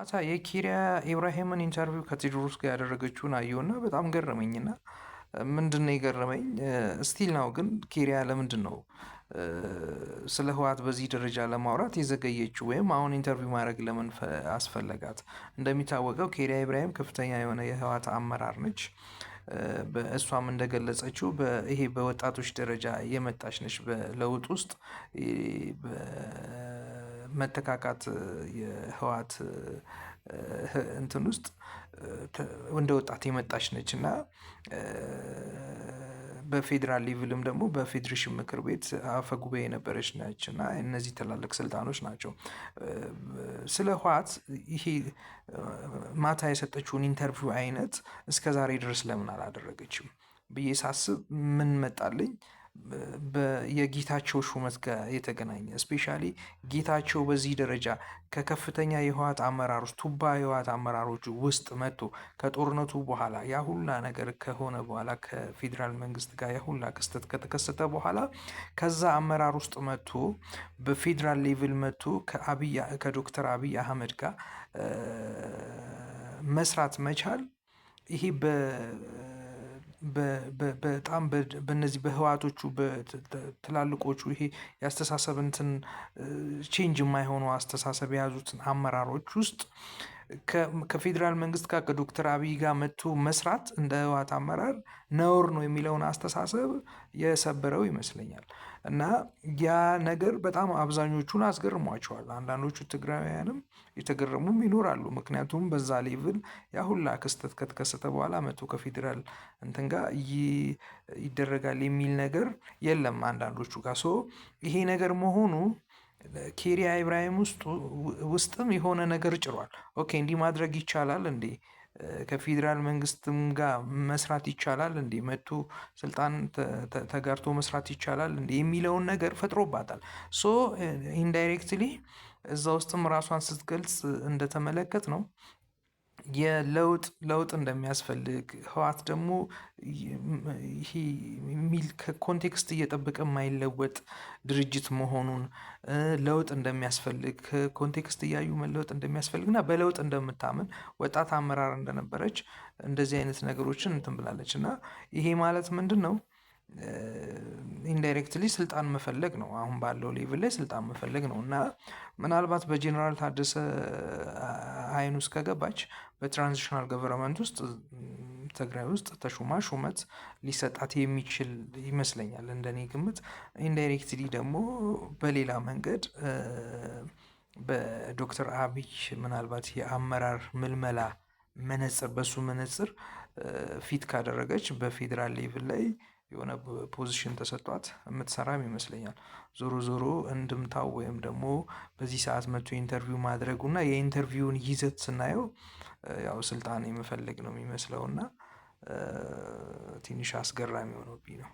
አቻ የኪሪያ ኢብራሂምን ኢንተርቪው ከቴድሮስ ጋር ያደረገችውን አየውና በጣም ገረመኝና ምንድን ነው የገረመኝ ነው ግን ኬሪያ ለምንድን ነው ስለ ህዋት በዚህ ደረጃ ለማውራት የዘገየችው? ወይም አሁን ኢንተርቪው ማድረግ ለምን አስፈለጋት? እንደሚታወቀው ኬሪያ ኢብራሂም ከፍተኛ የሆነ የህዋት አመራር ነች። በእሷም እንደገለጸችው ይሄ በወጣቶች ደረጃ የመጣች ነች በለውጥ ውስጥ መተካካት የህዋት እንትን ውስጥ እንደ ወጣት የመጣች ነች እና በፌዴራል ሌቭልም ደግሞ በፌዴሬሽን ምክር ቤት አፈ ጉባኤ የነበረች ነች እና እነዚህ ትላልቅ ስልጣኖች ናቸው። ስለ ህወሓት ይሄ ማታ የሰጠችውን ኢንተርቪው አይነት እስከ ዛሬ ድረስ ለምን አላደረገችም ብዬ ሳስብ ምን መጣልኝ? የጌታቸው ሹመት ጋር የተገናኘ እስፔሻሊ ጌታቸው በዚህ ደረጃ ከከፍተኛ የህወሓት አመራሮች ቱባ የህወሓት አመራሮች ውስጥ መጥቶ ከጦርነቱ በኋላ ያሁላ ነገር ከሆነ በኋላ ከፌዴራል መንግስት ጋር ያሁላ ክስተት ከተከሰተ በኋላ ከዛ አመራር ውስጥ መጥቶ በፌዴራል ሌቭል መጥቶ ከዶክተር አብይ አህመድ ጋር መስራት መቻል ይሄ በጣም በነዚህ በህዋቶቹ ትላልቆቹ ይሄ የአስተሳሰብ እንትን ቼንጅ የማይሆኑ አስተሳሰብ የያዙትን አመራሮች ውስጥ ከፌዴራል መንግስት ጋር ከዶክተር አብይ ጋር መጥቶ መስራት እንደ ህወሓት አመራር ነውር ነው የሚለውን አስተሳሰብ የሰበረው ይመስለኛል እና ያ ነገር በጣም አብዛኞቹን አስገርሟቸዋል። አንዳንዶቹ ትግራውያንም የተገረሙም ይኖራሉ። ምክንያቱም በዛ ሌቭል ያ ሁላ ክስተት ከተከሰተ በኋላ መቶ ከፌዴራል እንትን ጋር ይደረጋል የሚል ነገር የለም። አንዳንዶቹ ጋር ይሄ ነገር መሆኑ ኬሪያ ኢብራሂም ውስጥም የሆነ ነገር ጭሯል። ኦኬ እንዲህ ማድረግ ይቻላል እንዴ? ከፌዴራል መንግስትም ጋር መስራት ይቻላል እንዴ? መቶ ስልጣን ተጋርቶ መስራት ይቻላል እንዴ? የሚለውን ነገር ፈጥሮባታል። ሶ ኢንዳይሬክትሊ እዛ ውስጥም ራሷን ስትገልጽ እንደተመለከት ነው የለውጥ ለውጥ እንደሚያስፈልግ ህወሓት ደግሞ ይሄ ሚል ከኮንቴክስት እየጠበቀ የማይለወጥ ድርጅት መሆኑን ለውጥ እንደሚያስፈልግ ከኮንቴክስት እያዩ መለወጥ እንደሚያስፈልግ እና በለውጥ እንደምታምን ወጣት አመራር እንደነበረች እንደዚህ አይነት ነገሮችን እንትን ብላለች እና ይሄ ማለት ምንድን ነው? ኢንዳይሬክትሊ ስልጣን መፈለግ ነው። አሁን ባለው ሌቭል ላይ ስልጣን መፈለግ ነው እና ምናልባት በጀኔራል ታደሰ አይን ውስጥ ከገባች በትራንዚሽናል ገቨርንመንት ውስጥ ትግራይ ውስጥ ተሹማ ሹመት ሊሰጣት የሚችል ይመስለኛል እንደኔ ግምት። ኢንዳይሬክትሊ ደግሞ በሌላ መንገድ በዶክተር አብይ ምናልባት የአመራር ምልመላ መነጽር በሱ መነጽር ፊት ካደረገች በፌዴራል ሌቭል ላይ የሆነ ፖዚሽን ተሰጧት የምትሰራም ይመስለኛል። ዞሮ ዞሮ እንድምታው ወይም ደግሞ በዚህ ሰዓት መቶ ኢንተርቪው ማድረጉ እና የኢንተርቪውን ይዘት ስናየው ያው ስልጣን የመፈለግ ነው የሚመስለው እና ትንሽ አስገራሚ ሆኖብኝ ነው።